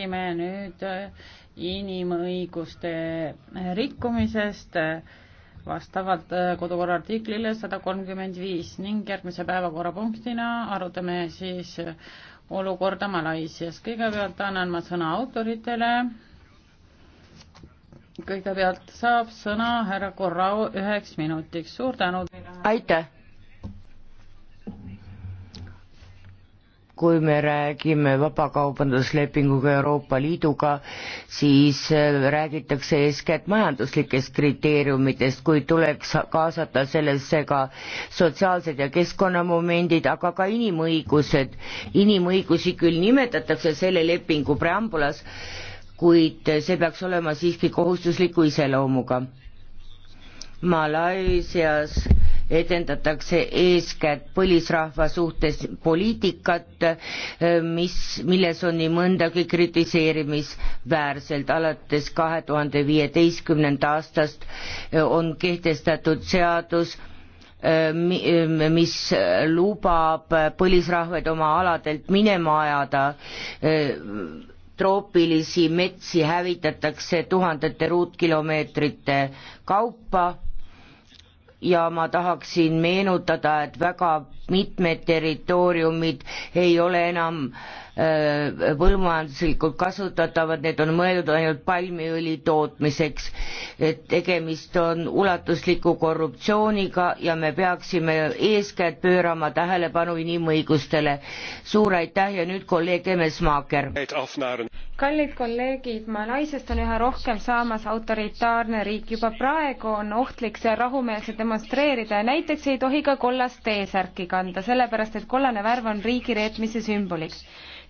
räägime nüüd äh, inimõiguste äh, rikkumisest äh, vastavalt kodukorra artiklile sada kolmkümmend viis ning järgmise päevakorrapunktina arutame siis olukorda Malaisias. kõigepealt annan ma sõna autoritele. kõigepealt saab sõna härra Korrao üheks minutiks. suur tänu teile. aitäh kui me räägime vabakaubanduslepinguga Euroopa Liiduga, siis äh, räägitakse eeskätt majanduslikest kriteeriumitest, kuid tuleks kaasata sellesse ka sotsiaalsed ja keskkonnamomendid, aga ka inimõigused. inimõigusi küll nimetatakse selle lepingu preambulas, kuid see peaks olema siiski kohustusliku iseloomuga. Malaisias edendatakse eeskätt põlisrahva suhtes poliitikat, eh, mis, milles on nii mõndagi kritiseerimisväärselt. alates kahe tuhande viieteistkümnenda aastast eh, on kehtestatud seadus, eh, mis lubab põlisrahved oma aladelt minema ajada. troopilisi metsi hävitatakse tuhandete ruutkilomeetrite kaupa ja ma tahaksin meenutada, et väga mitmed territooriumid ei ole enam äh, põllumajanduslikult äh, kasutatavad, need on mõeldud ainult palmiõli tootmiseks. et tegemist on ulatusliku korruptsiooniga ja me peaksime eeskätt pöörama tähelepanu inimõigustele. suur aitäh ja nüüd kolleeg Emesmaaker. kallid kolleegid, Malaisiast on üha rohkem saamas autoritaarne riik, juba praegu on ohtlik seal rahumeelselt demonstreerida ja näiteks ei tohi ka kollast T-särki kanda, sellepärast et kollane värv on riigireetmise sümboliks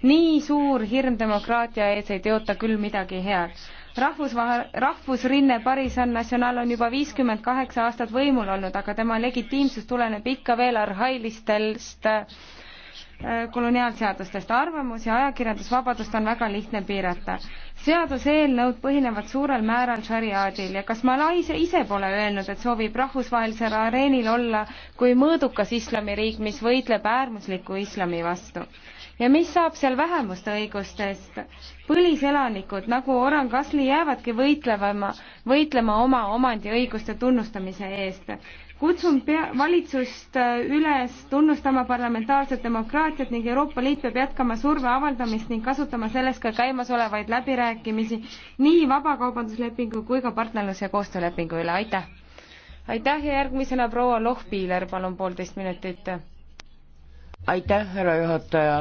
nii suur hirm demokraatia ees ei teota küll midagi head. rahvusvahe, rahvusrinne Parisan National on juba viiskümmend kaheksa aastat võimul olnud, aga tema legitiimsus tuleneb ikka veel arhailistest äh, koloniaalseadustest. arvamus- ja ajakirjandusvabadust on väga lihtne piirata. seaduseelnõud põhinevad suurel määral šariaadil ja kas Malaisia ise pole öelnud, et soovib rahvusvahelisel areenil olla kui mõõdukas islamiriik, mis võitleb äärmusliku islami vastu? ja mis saab seal vähemuste õigustest? põliselanikud nagu Oran Kasli jäävadki võitlema, võitlema oma omandiõiguste tunnustamise eest. kutsun pea, valitsust äh, üles tunnustama parlamentaarset demokraatiat ning Euroopa Liit peab jätkama surve avaldamist ning kasutama selleks ka käimasolevaid läbirääkimisi nii vabakaubanduslepingu kui ka partnerluse koostöölepingu üle, aitäh! aitäh ja järgmisena proua Lohpiiler, palun poolteist minutit aitäh, härra juhataja.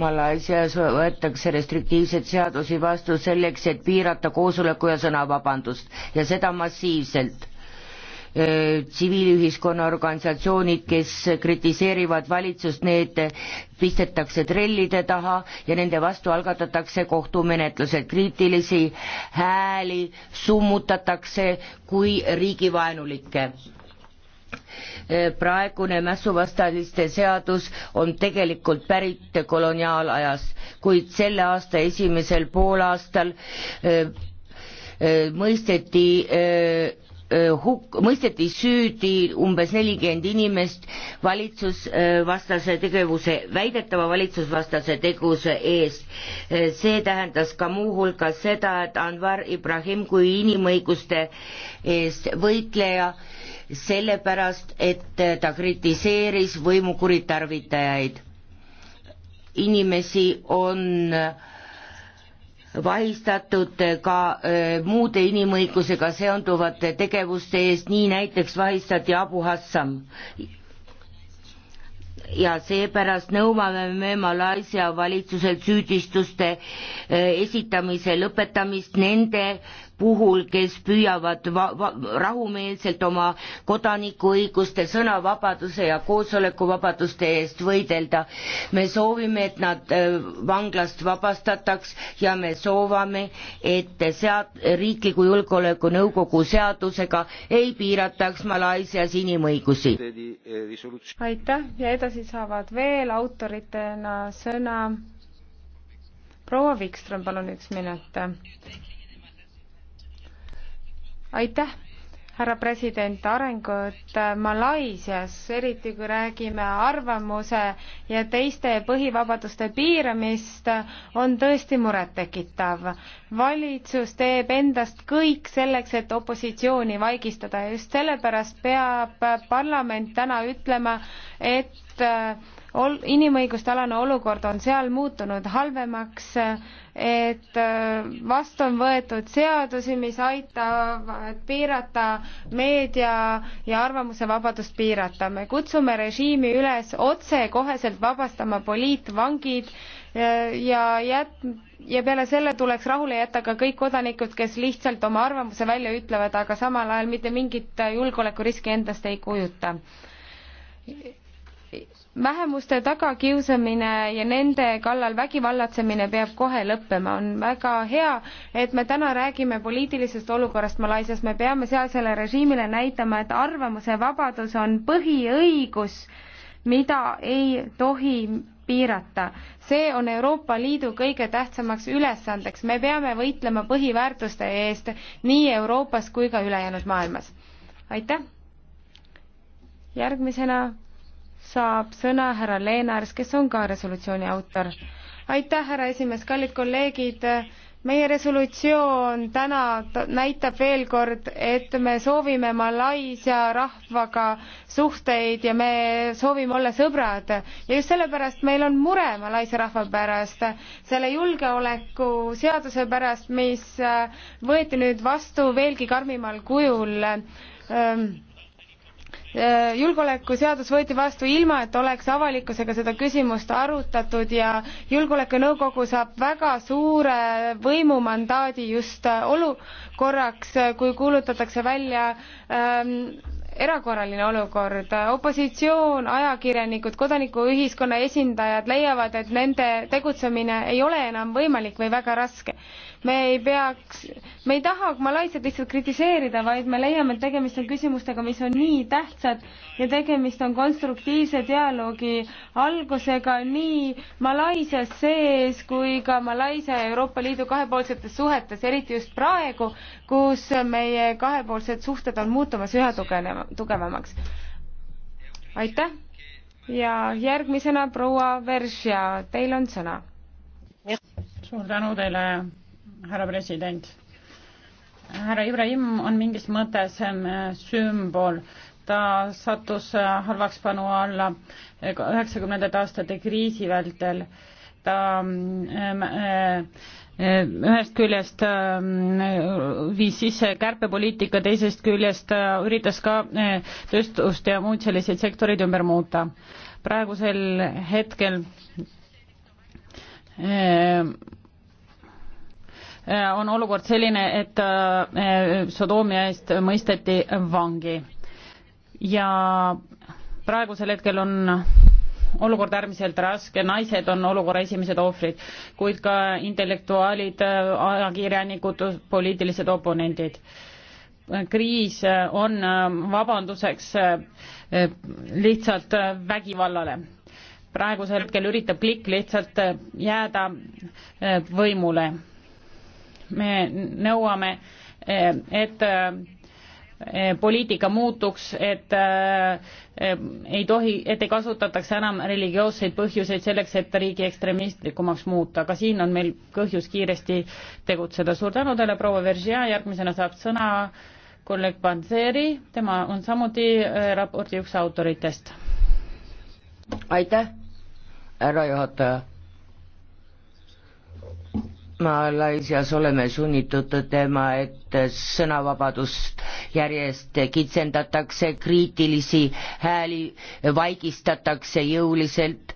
Malaisias võetakse restriktiivseid seadusi vastu selleks, et piirata koosoleku ja sõnavabandust ja seda massiivselt tsiviilühiskonna organisatsioonid, kes kritiseerivad valitsust, need pistetakse trellide taha ja nende vastu algatatakse kohtumenetlused, kriitilisi hääli summutatakse kui riigivaenulikke Äh, praegune mässuvastaste seadus on tegelikult pärit koloniaalajast, kuid selle aasta esimesel poolaastal äh, äh, mõisteti hukk, mõisteti süüdi umbes nelikümmend inimest valitsusvastase tegevuse, väidetava valitsusvastase tegevuse eest. see tähendas ka muuhulgas seda, et Anvar Ibrahim kui inimõiguste eest võitleja sellepärast, et ta kritiseeris võimu kuritarvitajaid. inimesi on vahistatud ka äh, muude inimõigusega seonduvate tegevuste eest, nii näiteks vahistati Abu Hassam. ja seepärast nõuame me Malaisia valitsuselt süüdistuste äh, esitamise lõpetamist nende puhul, kes püüavad va-, va-, rahumeelselt oma kodanikuõiguste, sõnavabaduse ja koosolekuvabaduste eest võidelda. me soovime, et nad äh, vanglast vabastataks ja me soovame, et sead-, riikliku julgeolekunõukogu seadusega ei piirataks Malaisias inimõigusi. aitäh ja edasi saavad veel autoritena sõna proua Vikström, palun üks minut aitäh, härra president, arengud Malaisias, eriti kui räägime arvamuse ja teiste põhivabaduste piiramist, on tõesti murettekitav. valitsus teeb endast kõik selleks, et opositsiooni vaigistada ja just sellepärast peab parlament täna ütlema, et ol-, inimõiguste alane olukord on seal muutunud halvemaks, et äh, vastu on võetud seadusi, mis aitavad piirata meedia ja arvamusevabadust piirata. me kutsume režiimi üles otsekoheselt vabastama poliitvangid äh, ja jät-, ja peale selle tuleks rahule jätta ka kõik kodanikud, kes lihtsalt oma arvamuse välja ütlevad, aga samal ajal mitte mingit julgeolekuriski endast ei kujuta vähemuste tagakiusamine ja nende kallal vägivallatsemine peab kohe lõppema. on väga hea, et me täna räägime poliitilisest olukorrast Malaisias, me peame sealsele režiimile näitama, et arvamusevabadus on põhiõigus, mida ei tohi piirata. see on Euroopa Liidu kõige tähtsamaks ülesandeks, me peame võitlema põhiväärtuste eest nii Euroopas kui ka ülejäänud maailmas. aitäh! järgmisena saab sõna härra Leenars, kes on ka resolutsiooni autor. aitäh, härra esimees, kallid kolleegid, meie resolutsioon täna näitab veel kord, et me soovime Malaisia rahvaga suhteid ja me soovime olla sõbrad ja just sellepärast meil on mure Malaisia rahva pärast, selle julgeolekuseaduse pärast, mis võeti nüüd vastu veelgi karmimal kujul ähm, Äh, julgeolekuseadus võeti vastu ilma, et oleks avalikkusega seda küsimust arutatud ja julgeolekunõukogu saab väga suure võimumandaadi just äh, olukorraks, äh, kui kuulutatakse välja ähm, erakorraline olukord. opositsioon, ajakirjanikud, kodanikuühiskonna esindajad leiavad, et nende tegutsemine ei ole enam võimalik või väga raske me ei peaks, me ei taha Malaisiat lihtsalt kritiseerida, vaid me leiame, et tegemist on küsimustega, mis on nii tähtsad ja tegemist on konstruktiivse dialoogi algusega nii Malaisias sees kui ka Malaisia ja Euroopa Liidu kahepoolsetes suhetes, eriti just praegu, kus meie kahepoolsed suhted on muutumas üha tugevama, tugevamaks. aitäh! ja järgmisena proua Veržja, teil on sõna. suur tänu teile, härra president. härra Ibrahim on mingis mõttes ähm, sümbol, ta sattus äh, halvaks panu alla äh, üheksakümnendate aastate kriisi vältel, ta ähm, ähm, äh, ühest küljest viis sisse kärpepoliitika, teisest küljest üritas ka tööstust ja muid selliseid sektoreid ümber muuta. praegusel hetkel Äh, on olukord selline, et äh, äh, Sodoomia eest mõisteti vangi. ja praegusel hetkel on olukord äärmiselt raske, naised on olukorra esimesed ohvrid, kuid ka intellektuaalid, ajakirjanikud, poliitilised oponendid. kriis on vabanduseks lihtsalt vägivallale praegusel hetkel üritab klikk lihtsalt jääda võimule me nõuame, et e, poliitika muutuks, et e, ei tohi, et ei kasutataks enam religioosseid põhjuseid selleks, et riigi ekstremistlikumaks muuta, aga siin on meil põhjus kiiresti tegutseda. suur tänu teile, proua Veržia, järgmisena saab sõna kolleeg Panseri, tema on samuti e, raporti üks autoritest. aitäh, härra juhataja Malaisias oleme sunnitud tõdema, et sõnavabadust järjest kitsendatakse, kriitilisi hääli vaigistatakse jõuliselt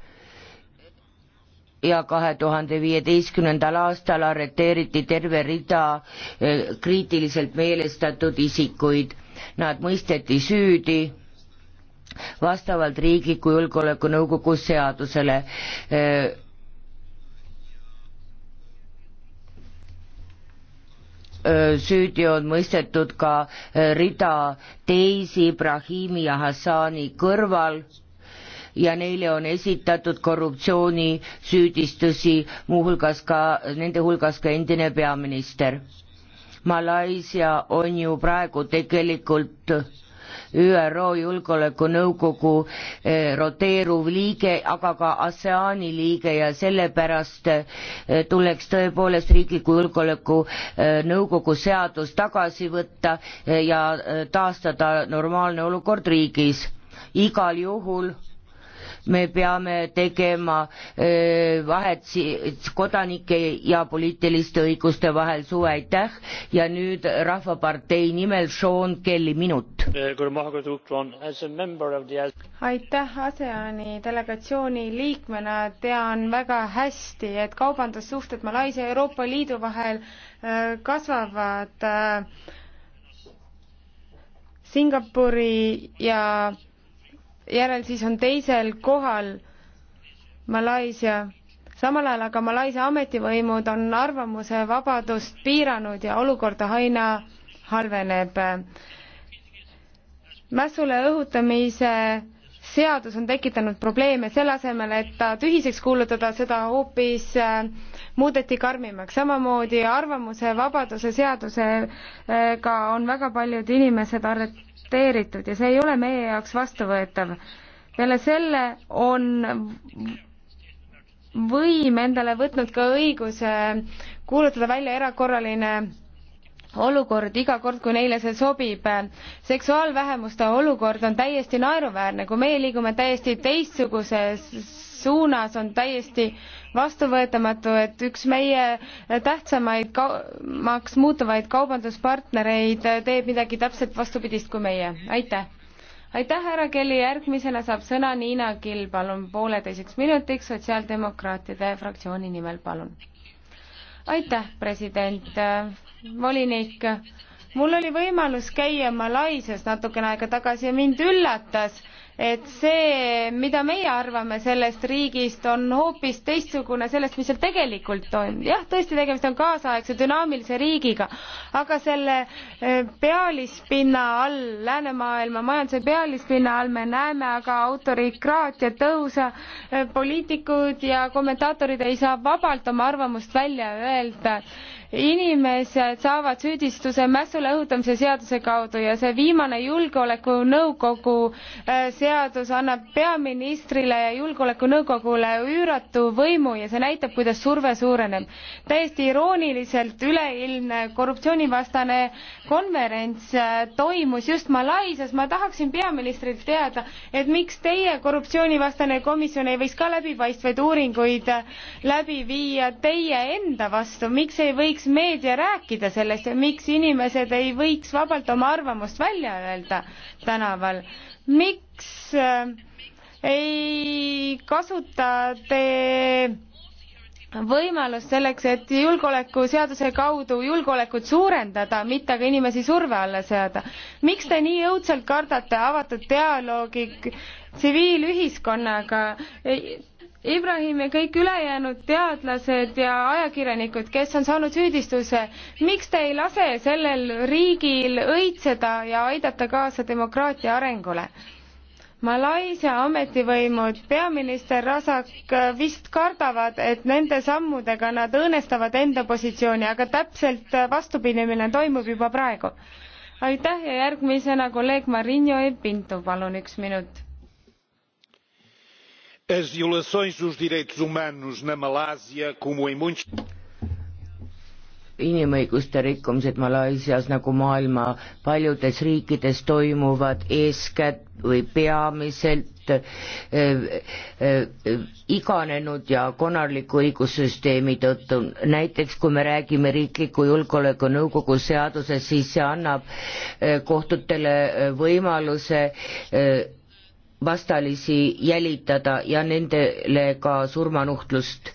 ja kahe tuhande viieteistkümnendal aastal arreteeriti terve rida eh, kriitiliselt meelestatud isikuid. Nad mõisteti süüdi vastavalt Riigikogu Julgeolekunõukogu seadusele eh, Äh, süüdi on mõistetud ka äh, rida teisi Ibrahimi ja Hassani kõrval ja neile on esitatud korruptsioonisüüdistusi, muuhulgas ka, nende hulgas ka endine peaminister. Malaisia on ju praegu tegelikult ÜRO Julgeolekunõukogu eh, roteeruv liige, aga ka ASEAN-i liige ja sellepärast eh, tuleks tõepoolest Riikliku Julgeolekunõukogu seadus tagasi võtta eh, ja taastada normaalne olukord riigis. igal juhul me peame tegema vahet kodanike ja poliitiliste õiguste vahel, suur aitäh ja nüüd Rahvapartei nimel Sean Kelly, minut. aitäh, ASEAN-i delegatsiooni liikmena tean väga hästi, et kaubandussuhted Malaisia ja Euroopa Liidu vahel kasvavad Singapuri ja järel siis on teisel kohal Malaisia. samal ajal aga Malaisia ametivõimud on arvamuse vabadust piiranud ja olukord aina halveneb. mässule õhutamise seadus on tekitanud probleeme, selle asemel, et ta tühiseks kuulutada, seda hoopis äh, muudeti karmimaks. samamoodi arvamuse vabaduse seadusega on väga paljud inimesed arret-, aktsepteeritud ja see ei ole meie jaoks vastuvõetav. peale selle on võim endale võtnud ka õiguse kuulutada välja erakorraline olukord iga kord, kui neile see sobib. seksuaalvähemuste olukord on täiesti naeruväärne, kui meie liigume täiesti teistsuguses suunas, on täiesti vastuvõetamatu, et üks meie tähtsamaid kaumaks muutuvaid kaubanduspartnereid teeb midagi täpselt vastupidist kui meie. aitäh! aitäh, härra Kelly, järgmisena saab sõna Niina Kill, palun pooleteiseks minutiks sotsiaaldemokraatide fraktsiooni nimel, palun. aitäh, president volinik. mul oli võimalus käia Malaisias natukene aega tagasi ja mind üllatas, et see, mida meie arvame sellest riigist, on hoopis teistsugune sellest, mis seal tegelikult on. jah, tõesti, tegemist on kaasaegse dünaamilise riigiga, aga selle eh, pealispinna all, läänemaailma majanduse pealispinna all me näeme aga autorikraatia tõusa, eh, poliitikud ja kommentaatorid ei saa vabalt oma arvamust välja öelda inimesed saavad süüdistuse mässule õhutamise seaduse kaudu ja see viimane julgeolekunõukogu äh, seadus annab peaministrile ja julgeolekunõukogule üüratu võimu ja see näitab, kuidas surve suureneb. täiesti irooniliselt üleilmne korruptsioonivastane konverents äh, toimus just Malaisias, ma tahaksin peaministrilt teada, et miks teie korruptsioonivastane komisjon ei võiks ka läbipaistvaid uuringuid äh, läbi viia teie enda vastu, miks ei võiks võiks meedia rääkida sellest ja miks inimesed ei võiks vabalt oma arvamust välja öelda tänaval? miks äh, ei kasuta te võimalust selleks, et julgeolekuseaduse kaudu julgeolekut suurendada, mitte aga inimesi surve alla seada. miks te nii õudselt kardate avatud dialoogi tsiviilühiskonnaga? Ibrahim ja kõik ülejäänud teadlased ja ajakirjanikud, kes on saanud süüdistuse, miks te ei lase sellel riigil õitseda ja aidata kaasa demokraatia arengule? Malaisia ametivõimud, peaminister Rasak vist kardavad, et nende sammudega nad õõnestavad enda positsiooni, aga täpselt vastupidimine toimub juba praegu. aitäh ja järgmisena kolleeg Marinho Epinto, palun üks minut as violações dos direitos humanos na Malásia como em muitos inimõiguste rikkumised Malaisias nagu maailma paljudes riikides toimuvad eeskätt või peamiselt äh, äh, iganenud ja konarliku õigussüsteemi tõttu. näiteks kui me räägime Riikliku Julgeolekunõukogu seadusest, siis see annab äh, kohtutele võimaluse äh, vastalisi jälitada ja nendele ka surmanuhtlust,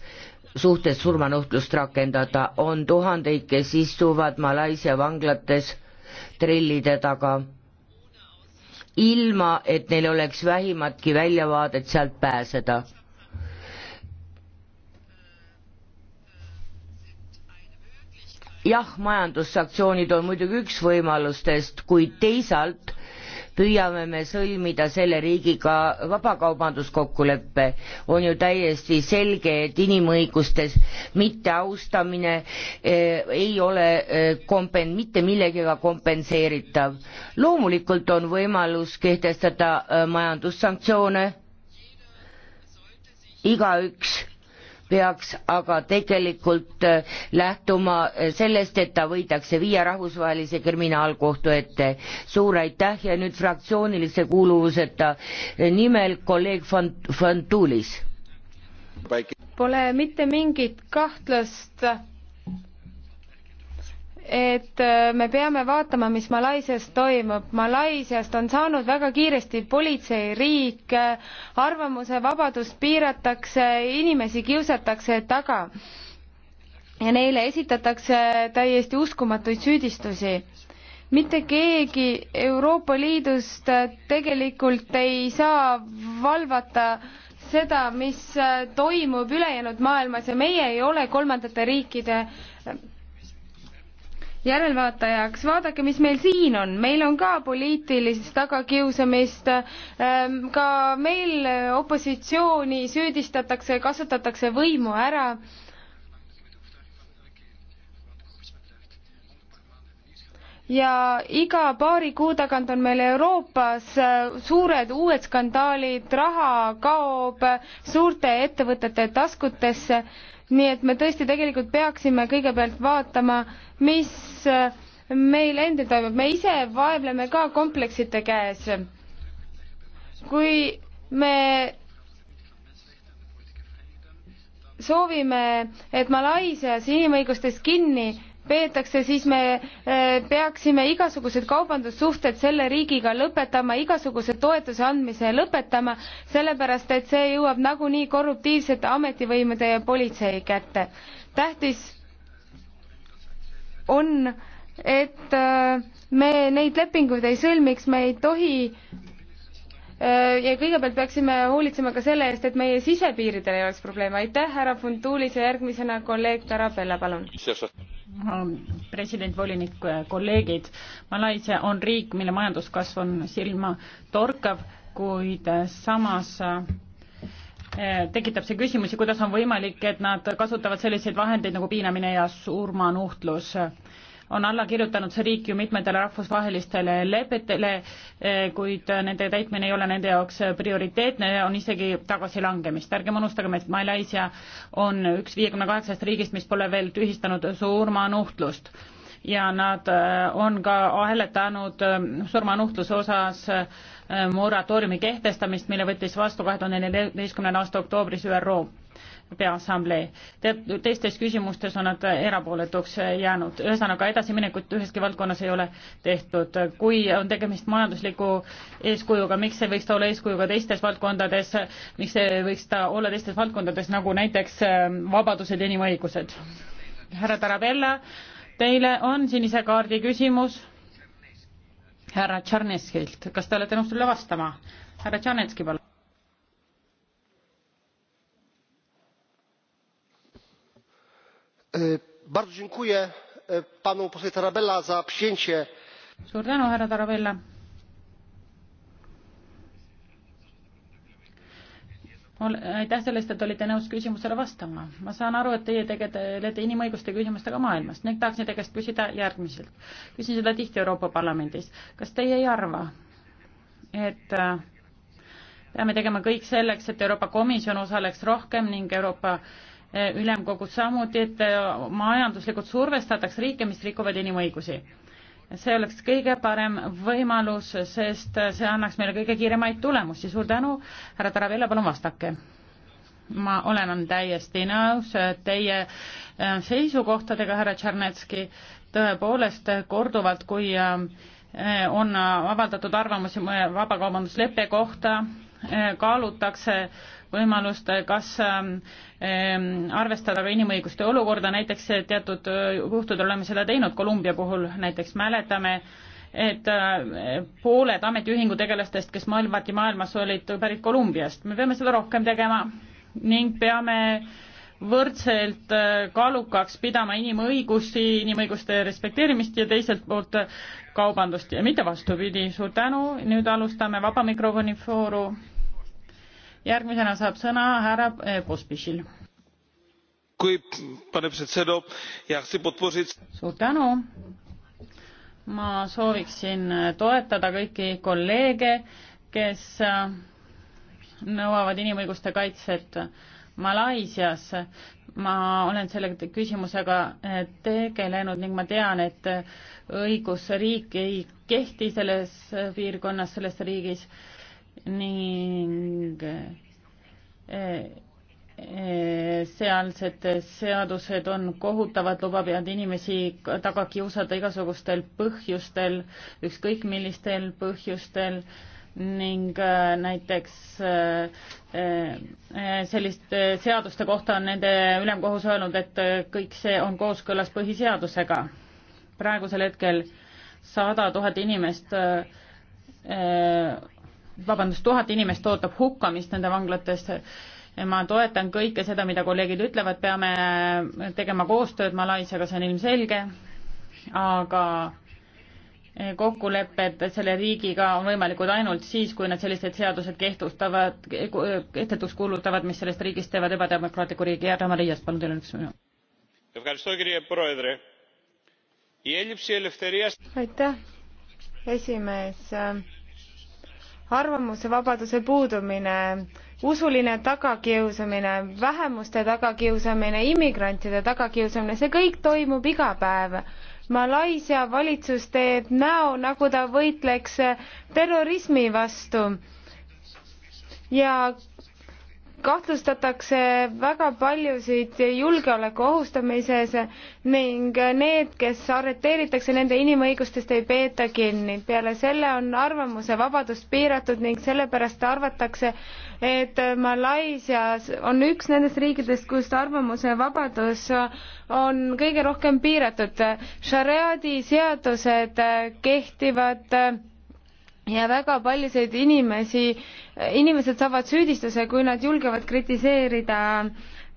suhtes surmanuhtlust rakendada, on tuhandeid, kes istuvad Malaisia vanglates trellide taga, ilma et neil oleks vähimatki väljavaadet sealt pääseda. jah, majandussanktsioonid on muidugi üks võimalustest, kuid teisalt püüame me sõlmida selle riigiga vabakaubanduskokkuleppe, on ju täiesti selge, et inimõigustes mitteaustamine eh, ei ole eh, kompen-, mitte millegagi kompenseeritav. loomulikult on võimalus kehtestada eh, majandussanktsioone, igaüks peaks aga tegelikult äh, lähtuma äh, sellest, et ta võidakse viia rahvusvahelise kriminaalkohtu ette. suur aitäh ja nüüd fraktsioonilise kuuluvuseta äh, nimel kolleeg Fantulis. Pole mitte mingit kahtlust et äh, me peame vaatama, mis Malaisias toimub. Malaisiast on saanud väga kiiresti politseiriik, äh, arvamusevabadust piiratakse, inimesi kiusatakse taga ja neile esitatakse täiesti uskumatuid süüdistusi. mitte keegi Euroopa Liidust äh, tegelikult ei saa valvata seda, mis toimub ülejäänud maailmas ja meie ei ole kolmandate riikide järelvaatajaks, vaadake, mis meil siin on, meil on ka poliitilist tagakiusamist, ähm, ka meil äh, opositsiooni süüdistatakse, kasutatakse võimu ära ja iga paari kuu tagant on meil Euroopas äh, suured uued skandaalid, raha kaob suurte ettevõtete taskutesse, nii et me tõesti tegelikult peaksime kõigepealt vaatama, mis äh, meil endil toimub, me ise vaevleme ka kompleksite käes. kui me soovime, et Malaisias inimõigustest kinni peetakse, siis me eh, peaksime igasugused kaubandussuhted selle riigiga lõpetama, igasuguse toetuse andmise lõpetama, sellepärast et see jõuab nagunii korruptiivsete ametivõimude ja politsei kätte. tähtis on, et eh, me neid lepinguid ei sõlmiks, me ei tohi Äh, ja kõigepealt peaksime hoolitsema ka selle eest, et meie sisepiiridel ei oleks probleeme. aitäh, härra Funtulis ja järgmisena kolleeg Tarabella, palun. president, volinik, kolleegid. Malaisia on riik, mille majanduskasv on silmatorkav, kuid samas äh, tekitab see küsimusi, kuidas on võimalik, et nad kasutavad selliseid vahendeid nagu piinamine ja surmanuhtlus on alla kirjutanud see riik ju mitmetele rahvusvahelistele lepetele, eh, kuid nende täitmine ei ole nende jaoks prioriteetne ja on isegi tagasilangemist. ärgem unustagem, et Malaisia on üks viiekümne kaheksast riigist, mis pole veel tühistanud surmanuhtlust ja nad eh, on ka hääletanud eh, surmanuhtluse osas moratooriumi kehtestamist, mille võttis vastu kahe tuhande neljateistkümnenda aasta oktoobris ÜRO peaassamblee. Te-, teistes küsimustes on nad erapooletuks jäänud, ühesõnaga edasiminekut üheski valdkonnas ei ole tehtud. kui on tegemist majandusliku eeskujuga, miks see võiks ta olla eeskujuga teistes valdkondades, miks see võiks ta olla teistes valdkondades, nagu näiteks ähm, vabadused ja inimõigused? härra Tarabella, teile on sinise kaardi küsimus härra Tšarneskilt, kas te olete nõus talle vastama? härra Tšarnetski, palun. E, bardzo dziękuję e, panu posłowi tarabella za przyjęcie. suur tänu härra tarabella aitäh selle eest et olite nõus küsimusele vastama ma saan aru et teie tegelete inimõiguste küsimustega maailmas ning tahaksin teie käest küsida järgmiselt küsin seda tihti euroopa parlamendis kas teie ei arva et äh, peame tegema kõik selleks et euroopa komisjon osaleks rohkem ning euroopa ülemkogud, samuti, et äh, majanduslikult survestataks riike, mis rikuvad inimõigusi. see oleks kõige parem võimalus, sest see annaks meile kõige kiiremaid tulemusi. suur tänu, härra Taravella, palun vastake. ma olen täiesti nõus äh, teie äh, seisukohtadega, härra Tšernetski, tõepoolest korduvalt, kui on avaldatud arvamusi vabakaubandusleppe kohta, kaalutakse võimalust kas ähm, ähm, arvestada ka inimõiguste olukorda, näiteks teatud äh, juhtudel oleme seda teinud, Kolumbia puhul näiteks mäletame, et äh, pooled ametiühingu tegelastest, kes maailmati maailmas olid, pärit Kolumbiast, me peame seda rohkem tegema ning peame võrdselt äh, kaalukaks pidama inimõigusi, inimõiguste respekteerimist ja teiselt poolt kaubandust ja mitte vastupidi, suur tänu, nüüd alustame Vaba Mikrofoni fooru järgmisena saab sõna härra eh, Pospišil. suur tänu. ma sooviksin eh, toetada kõiki kolleege, kes eh, nõuavad inimõiguste kaitset Malaisias. ma olen selle küsimusega tegelenud ning ma tean, et õigusriik ei kehti selles piirkonnas, selles riigis ning eh, eh, sealsed seadused on kohutavad, lubavad inimesi taga kiusata igasugustel põhjustel, ükskõik millistel põhjustel ning eh, näiteks selliste seaduste kohta on nende ülemkohus öelnud, et kõik see on kooskõlas põhiseadusega. praegusel hetkel sada tuhat inimest vabandust, tuhat inimest ootab hukkamist nende vanglatesse. ma toetan kõike seda, mida kolleegid ütlevad, peame tegema koostööd Malaisiaga, see on ilmselge, aga kokkulepped selle riigiga on võimalikud ainult siis, kui nad sellised seadused kehtustavad, kehtetuks kuulutavad, mis sellest riigist teevad ebademokraatliku riigi. härra Marias, palun teil on üks minut. aitäh, esimees arvamusevabaduse puudumine, usuline tagakiusamine, vähemuste tagakiusamine, immigrantide tagakiusamine, see kõik toimub iga päev. Malaisia valitsus teeb näo, nagu ta võitleks terrorismi vastu ja kahtlustatakse väga paljusid julgeoleku ohustamises ning need, kes arreteeritakse, nende inimõigustest ei peeta kinni. peale selle on arvamusevabadust piiratud ning sellepärast arvatakse, et Malaisias on üks nendest riikidest, kus arvamusevabadus on kõige rohkem piiratud. Shariadi seadused kehtivad ja väga paljusid inimesi, inimesed saavad süüdistuse, kui nad julgevad kritiseerida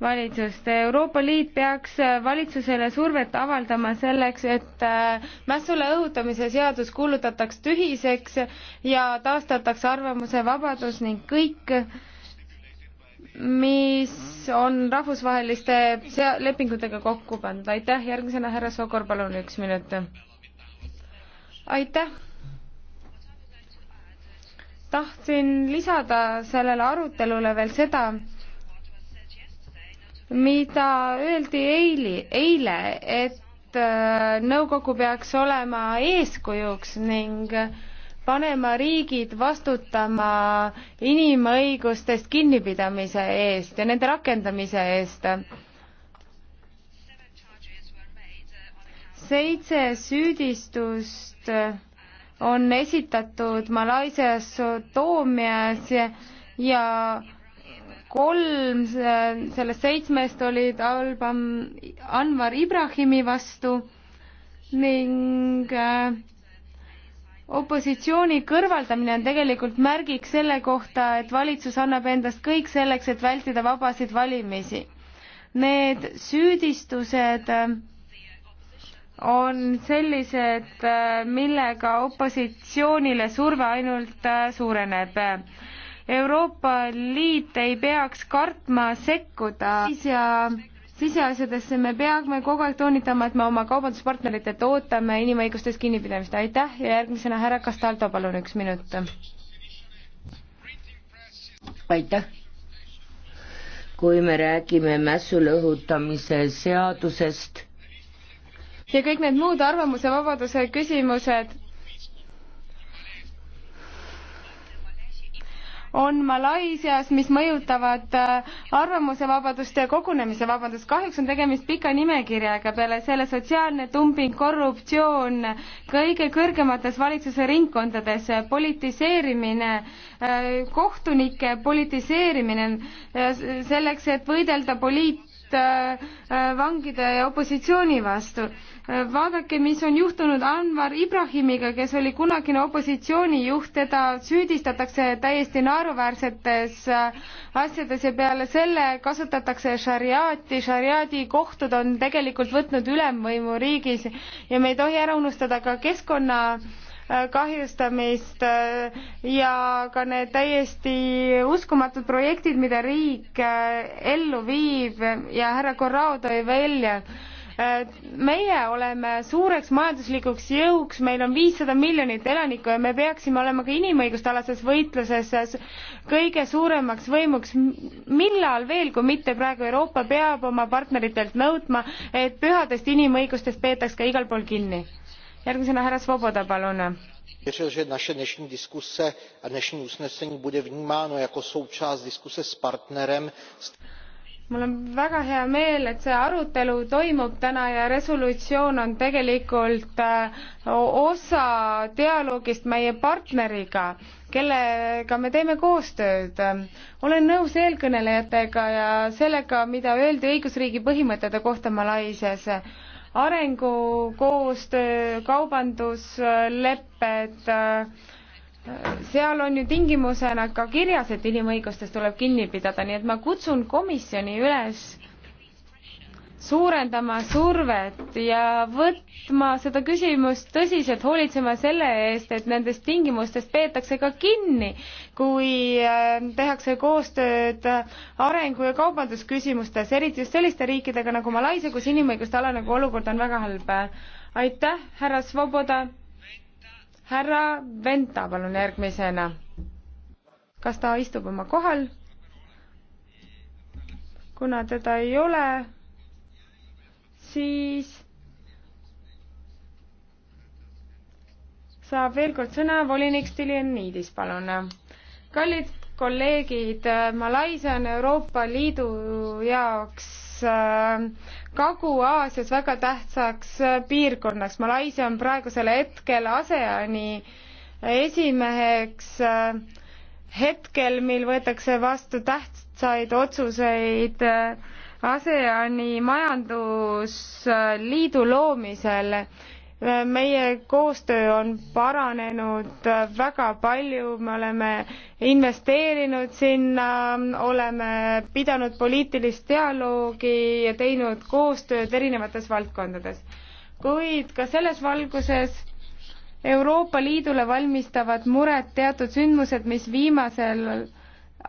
valitsust. Euroopa Liit peaks valitsusele survet avaldama selleks, et äh, mässule õhutamise seadus kuulutataks tühiseks ja taastatakse arvamuse vabadus ning kõik, mis on rahvusvaheliste lepingutega kokku pandud. aitäh, järgmisena härra Sokor, palun üks minut. aitäh tahtsin lisada sellele arutelule veel seda, mida öeldi eili, eile, et äh, nõukogu peaks olema eeskujuks ning panema riigid vastutama inimõigustest kinnipidamise eest ja nende rakendamise eest. seitse süüdistust on esitatud Malaisias, Toomias ja, ja kolm sellest seitsmest olid Albam Anvar Ibrahimi vastu ning äh, opositsiooni kõrvaldamine on tegelikult märgiks selle kohta, et valitsus annab endast kõik selleks, et vältida vabasid valimisi. Need süüdistused äh, on sellised, millega opositsioonile surve ainult suureneb. Euroopa Liit ei peaks kartma sekkuda ja siseasjadesse me peame kogu aeg toonitama, et me oma kaubanduspartneritelt ootame inimõigustest kinnipidamist. aitäh ja järgmisena härra Castaldo, palun üks minut. aitäh. kui me räägime mässulõhutamise seadusest ja kõik need muud arvamuse vabaduse küsimused on Malaisias, mis mõjutavad äh, arvamusevabadust ja kogunemise vabadust. kahjuks on tegemist pika nimekirjaga, peale selle sotsiaalne dumping, korruptsioon kõige kõrgemates valitsuse ringkondades, äh, politiseerimine, äh, kohtunike politiseerimine selleks, et võidelda poliit-, võitlust äh, vangide ja opositsiooni vastu. vaadake, mis on juhtunud Anvar Ibrahimiga, kes oli kunagine opositsioonijuht, teda süüdistatakse täiesti naeruväärsetes äh, asjades ja peale selle kasutatakse šariaati, šariaadi kohtud on tegelikult võtnud ülemvõimu riigis ja me ei tohi ära unustada ka keskkonna kahjustamist ja ka need täiesti uskumatud projektid, mida riik äh, ellu viib ja härra Corrao tõi välja äh, meie oleme suureks majanduslikuks jõuks, meil on viissada miljonit elanikku ja me peaksime olema ka inimõiguste alases võitluses kõige suuremaks võimuks. millal veel, kui mitte praegu Euroopa peab oma partneritelt nõudma, et pühadest inimõigustest peetaks ka igal pool kinni? järgmisena härra Svoboda, palun. Věřil, že naše dnešní diskuse a dnešní usnesení bude vnímáno jako součást diskuse s partnerem mul on väga hea meel, et see arutelu toimub täna ja resolutsioon on tegelikult äh, osa dialoogist meie partneriga, kellega me teeme koostööd. olen nõus eelkõnelejatega ja sellega, mida öeldi õigusriigi põhimõtete kohta Malaisias arengukoostöö, kaubanduslepped, seal on ju tingimusena ka kirjas, et inimõigustest tuleb kinni pidada, nii et ma kutsun komisjoni üles suurendama survet ja võtma seda küsimust tõsiselt, hoolitsema selle eest, et nendest tingimustest peetakse ka kinni, kui äh, tehakse koostööd arengu- ja kaubandusküsimustes, eriti just selliste riikidega nagu Malaisia, kus inimõiguste alane nagu olukord on väga halb. aitäh, härra Svoboda. härra Venta, palun järgmisena. kas ta istub oma kohal? kuna teda ei ole siis saab veel kord sõna volinik Stiljanidis, palun. kallid kolleegid, Malaisia on Euroopa Liidu jaoks äh, Kagu-Aasias väga tähtsaks äh, piirkonnaks. Malaisia on praegusel hetkel ASEAN-i äh, esimeheks hetkel, mil võetakse vastu tähtsaid otsuseid äh, ASEAN-i majandusliidu loomisel. meie koostöö on paranenud väga palju, me oleme investeerinud sinna, oleme pidanud poliitilist dialoogi ja teinud koostööd erinevates valdkondades. kuid ka selles valguses Euroopa Liidule valmistavad mured teatud sündmused, mis viimasel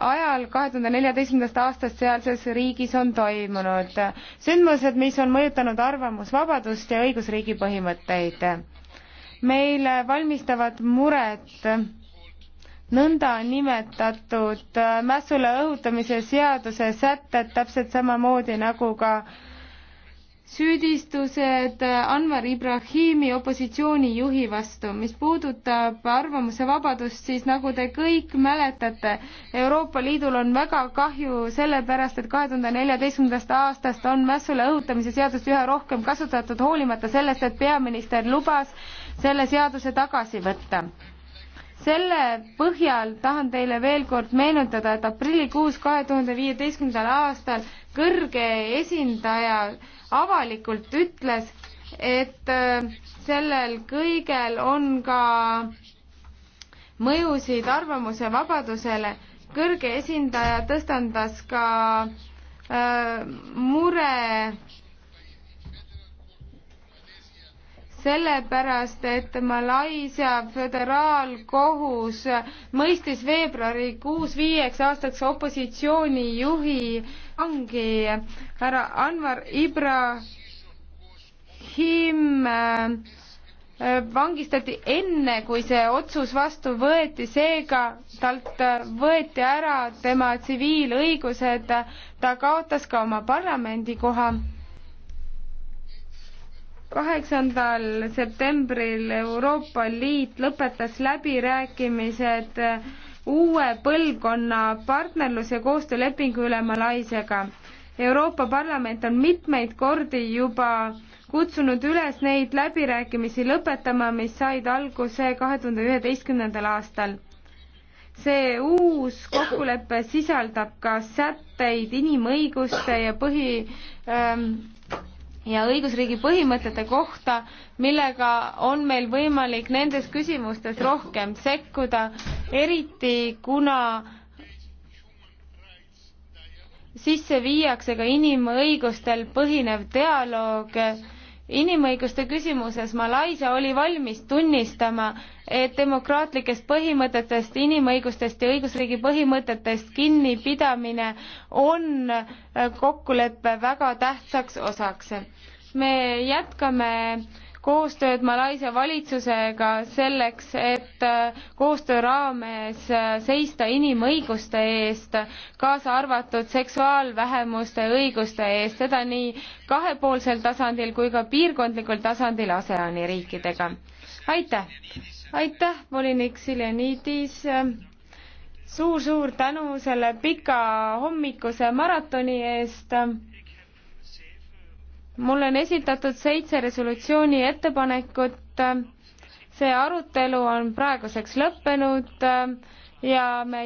ajal kahe tuhande neljateistkümnendast aastast sealses riigis on toimunud. sündmused, mis on mõjutanud arvamusvabadust ja õigusriigi põhimõtteid. meile valmistavad muret nõndanimetatud mässule õhutamise seaduse sätted täpselt samamoodi nagu ka äh, süüdistused Anvar Ibrahimi opositsioonijuhi vastu. mis puudutab arvamusevabadust, siis nagu te kõik mäletate, Euroopa Liidul on väga kahju sellepärast, et kahe tuhande neljateistkümnendast aastast on mässule õhutamise seadust üha rohkem kasutatud, hoolimata sellest, et peaminister lubas selle seaduse tagasi võtta selle põhjal tahan teile veel kord meenutada, et aprillikuus kahe tuhande viieteistkümnendal aastal kõrge esindaja avalikult ütles, et äh, sellel kõigel on ka mõjusid arvamuse vabadusele. kõrge esindaja tõstandas ka äh, mure sellepärast, et Malaisia föderaalkohus mõistis veebruarikuus viieks aastaks opositsioonijuhi ongi härra Anvar Ibrahim äh, vangistati enne, kui see otsus vastu võeti, seega talt äh, võeti ära tema tsiviilõigused, ta kaotas ka oma parlamendikoha. kaheksandal septembril Euroopa Liit lõpetas läbirääkimised äh, uue põlvkonna partnerlus- ja koostöölepingu üle Malaisiaga. Euroopa Parlament on mitmeid kordi juba kutsunud üles neid läbirääkimisi lõpetama, mis said alguse kahe tuhande üheteistkümnendal aastal. see uus kokkulepe sisaldab ka sätteid inimõiguste ja põhi ähm, ja õigusriigi põhimõtete kohta, millega on meil võimalik nendes küsimustes rohkem sekkuda, eriti kuna sisse viiakse ka inimõigustel põhinev dialoog inimõiguste küsimuses Malaisia oli valmis tunnistama, et demokraatlikest põhimõtetest, inimõigustest ja õigusriigi põhimõtetest kinnipidamine on äh, kokkuleppe väga tähtsaks osaks. me jätkame koostööd Malaisia valitsusega selleks, et äh, koostöö raames äh, seista inimõiguste eest, kaasa arvatud seksuaalvähemuste õiguste eest, seda nii kahepoolsel tasandil kui ka piirkondlikul tasandil ASEAN-i riikidega. aitäh, aitäh, volinik Silenidis suur,. suur-suur tänu selle pika hommikuse maratoni eest mulle on esitatud seitse resolutsiooni ettepanekut. see arutelu on praeguseks lõppenud ja me